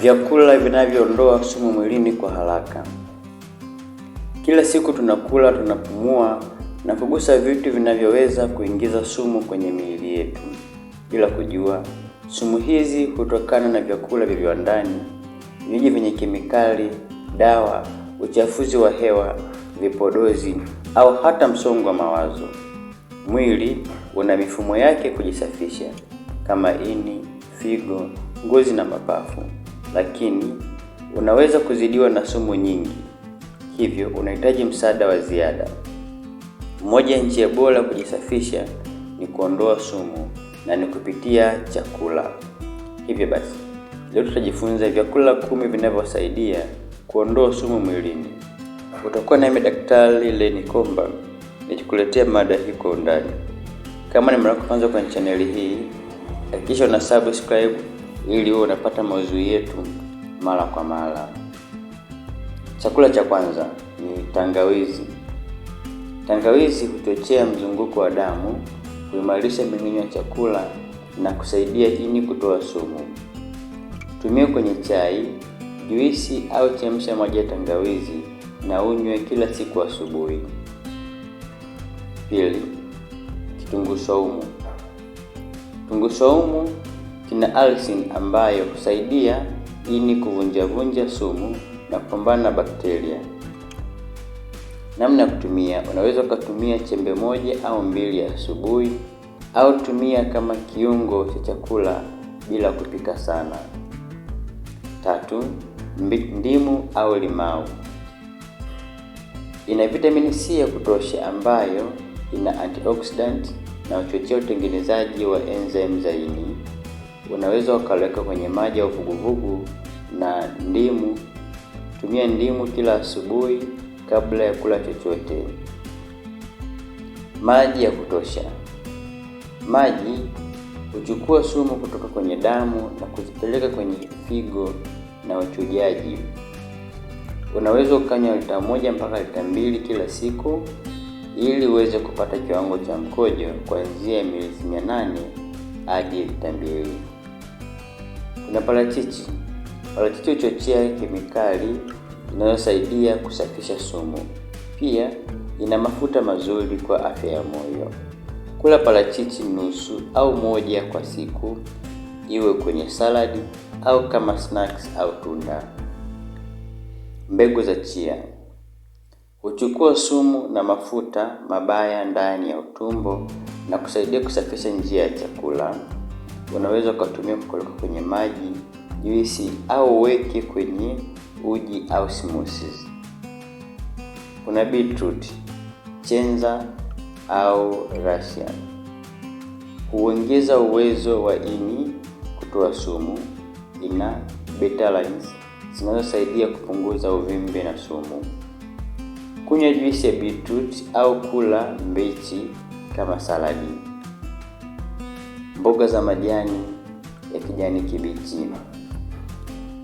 Vyakula vinavyoondoa sumu mwilini kwa haraka. Kila siku tunakula, tunapumua na kugusa vitu vinavyoweza kuingiza sumu kwenye miili yetu bila kujua. Sumu hizi hutokana na vyakula vya viwandani, vinywaji vyenye kemikali, dawa, uchafuzi wa hewa, vipodozi au hata msongo wa mawazo. Mwili una mifumo yake kujisafisha kama ini, figo, ngozi na mapafu lakini unaweza kuzidiwa na sumu nyingi, hivyo unahitaji msaada wa ziada. Moja ya njia bora kujisafisha ni kuondoa sumu na ni kupitia chakula. Hivyo basi, leo tutajifunza vyakula kumi vinavyosaidia kuondoa sumu mwilini. Utakuwa nami Daktari Leni Komba nikikuletea mada hii kwa undani. Kama ni mara ya kwanza kwenye chaneli hii, hakikisha una subscribe ili uwe unapata maudhui yetu mara kwa mara. Chakula cha kwanza ni tangawizi. Tangawizi huchochea mzunguko wa damu, kuimarisha mmeng'enyo wa chakula na kusaidia ini kutoa sumu. Tumia kwenye chai, juisi au chemsha maji ya tangawizi na unywe kila siku asubuhi. Pili, kitunguu saumu. Kitunguu saumu Kina alsin ambayo husaidia ini kuvunjavunja sumu na kupambana na bakteria. Namna ya kutumia, unaweza ukatumia chembe moja au mbili asubuhi, au tumia kama kiungo cha chakula bila kupika sana. Tatu, ndimu au limau ina vitamini C ya kutosha ambayo ina antioxidant na uchochea utengenezaji wa enzyme za ini. Unaweza ukaliweka kwenye maji au vuguvugu na ndimu. Tumia ndimu kila asubuhi kabla ya kula chochote. Maji ya kutosha. Maji huchukua sumu kutoka kwenye damu na kuzipeleka kwenye figo na uchujaji. Unaweza ukanywa lita moja mpaka lita mbili kila siku ili uweze kupata kiwango cha mkojo kuanzia miezi mia nane hadi lita mbili na parachichi. Parachichi huchochea kemikali inayosaidia kusafisha sumu. Pia ina mafuta mazuri kwa afya ya moyo. Kula parachichi nusu au moja kwa siku, iwe kwenye saladi au kama snacks au tunda. Mbegu za chia huchukua sumu na mafuta mabaya ndani ya utumbo na kusaidia kusafisha njia ya chakula unaweza ukatumia kukoroga kwenye maji, juisi au weke kwenye uji au smoothies. Kuna beetroot, chenza au rasia huongeza uwezo wa ini kutoa sumu. Ina beta lines zinazosaidia kupunguza uvimbe na sumu. Kunywa juisi ya beetroot au kula mbichi kama saladi. Mboga za majani ya kijani kibichi.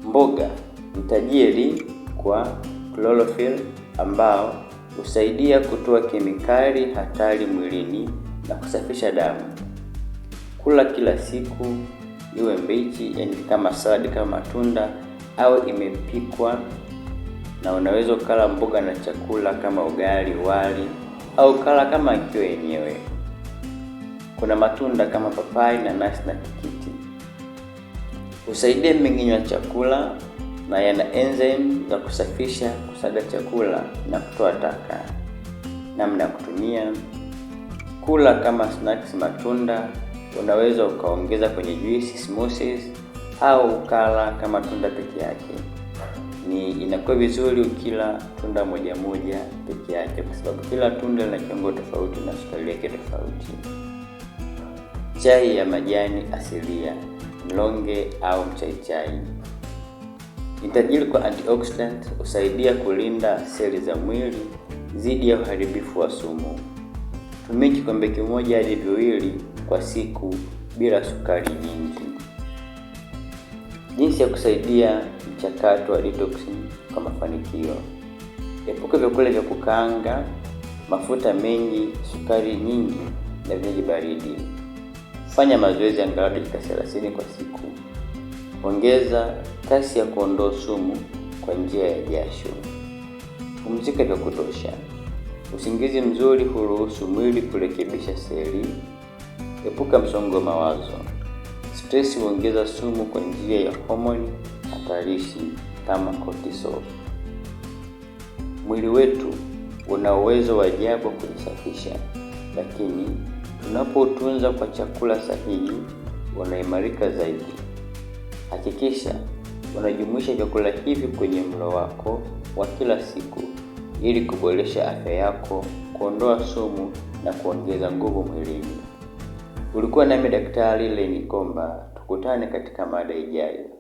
Mboga ni tajiri kwa chlorophyll ambao husaidia kutoa kemikali hatari mwilini na kusafisha damu. Kula kila siku, iwe mbichi, yani kama salad, kama matunda au imepikwa, na unaweza ukala mboga na chakula kama ugali, wali au kala kama ikiwa yenyewe. Kuna matunda kama papai, nanasi na tikiti, husaidia mmeng'enyo wa chakula na yana enzyme za kusafisha, kusaga chakula na kutoa taka. Namna ya kutumia: kula kama snacks matunda, unaweza ukaongeza kwenye juisi, smoothies au ukala kama tunda peke yake. Ni inakuwa vizuri ukila tunda moja moja peke yake, kwa sababu kila tunda lina kiwango tofauti na sukari yake tofauti. Chai ya majani asilia, mlonge au mchaichai, ni tajiri kwa antioxidant, husaidia kulinda seli za mwili dhidi ya uharibifu wa sumu. Tumia kikombe kimoja hadi viwili kwa siku bila sukari nyingi. Jinsi ya kusaidia mchakato wa detox kwa mafanikio: epuka vyakula vya kukaanga, mafuta mengi, sukari nyingi na vinywaji baridi. Fanya mazoezi angalau dakika 30 kwa siku. Ongeza kasi ya kuondoa sumu kwa njia ya jasho. Pumzika vya kutosha. Usingizi mzuri huruhusu mwili kurekebisha seli. Epuka msongo wa mawazo. Stress huongeza sumu kwa njia ya homoni hatarishi kama cortisol. Mwili wetu una uwezo wa ajabu kujisafisha, lakini Unapotunza kwa chakula sahihi, wanaimarika zaidi. Hakikisha unajumuisha vyakula hivi kwenye mlo wako wa kila siku ili kuboresha afya yako, kuondoa sumu na kuongeza nguvu mwilini. Ulikuwa nami Daktari Leni Komba, tukutane katika mada ijayo.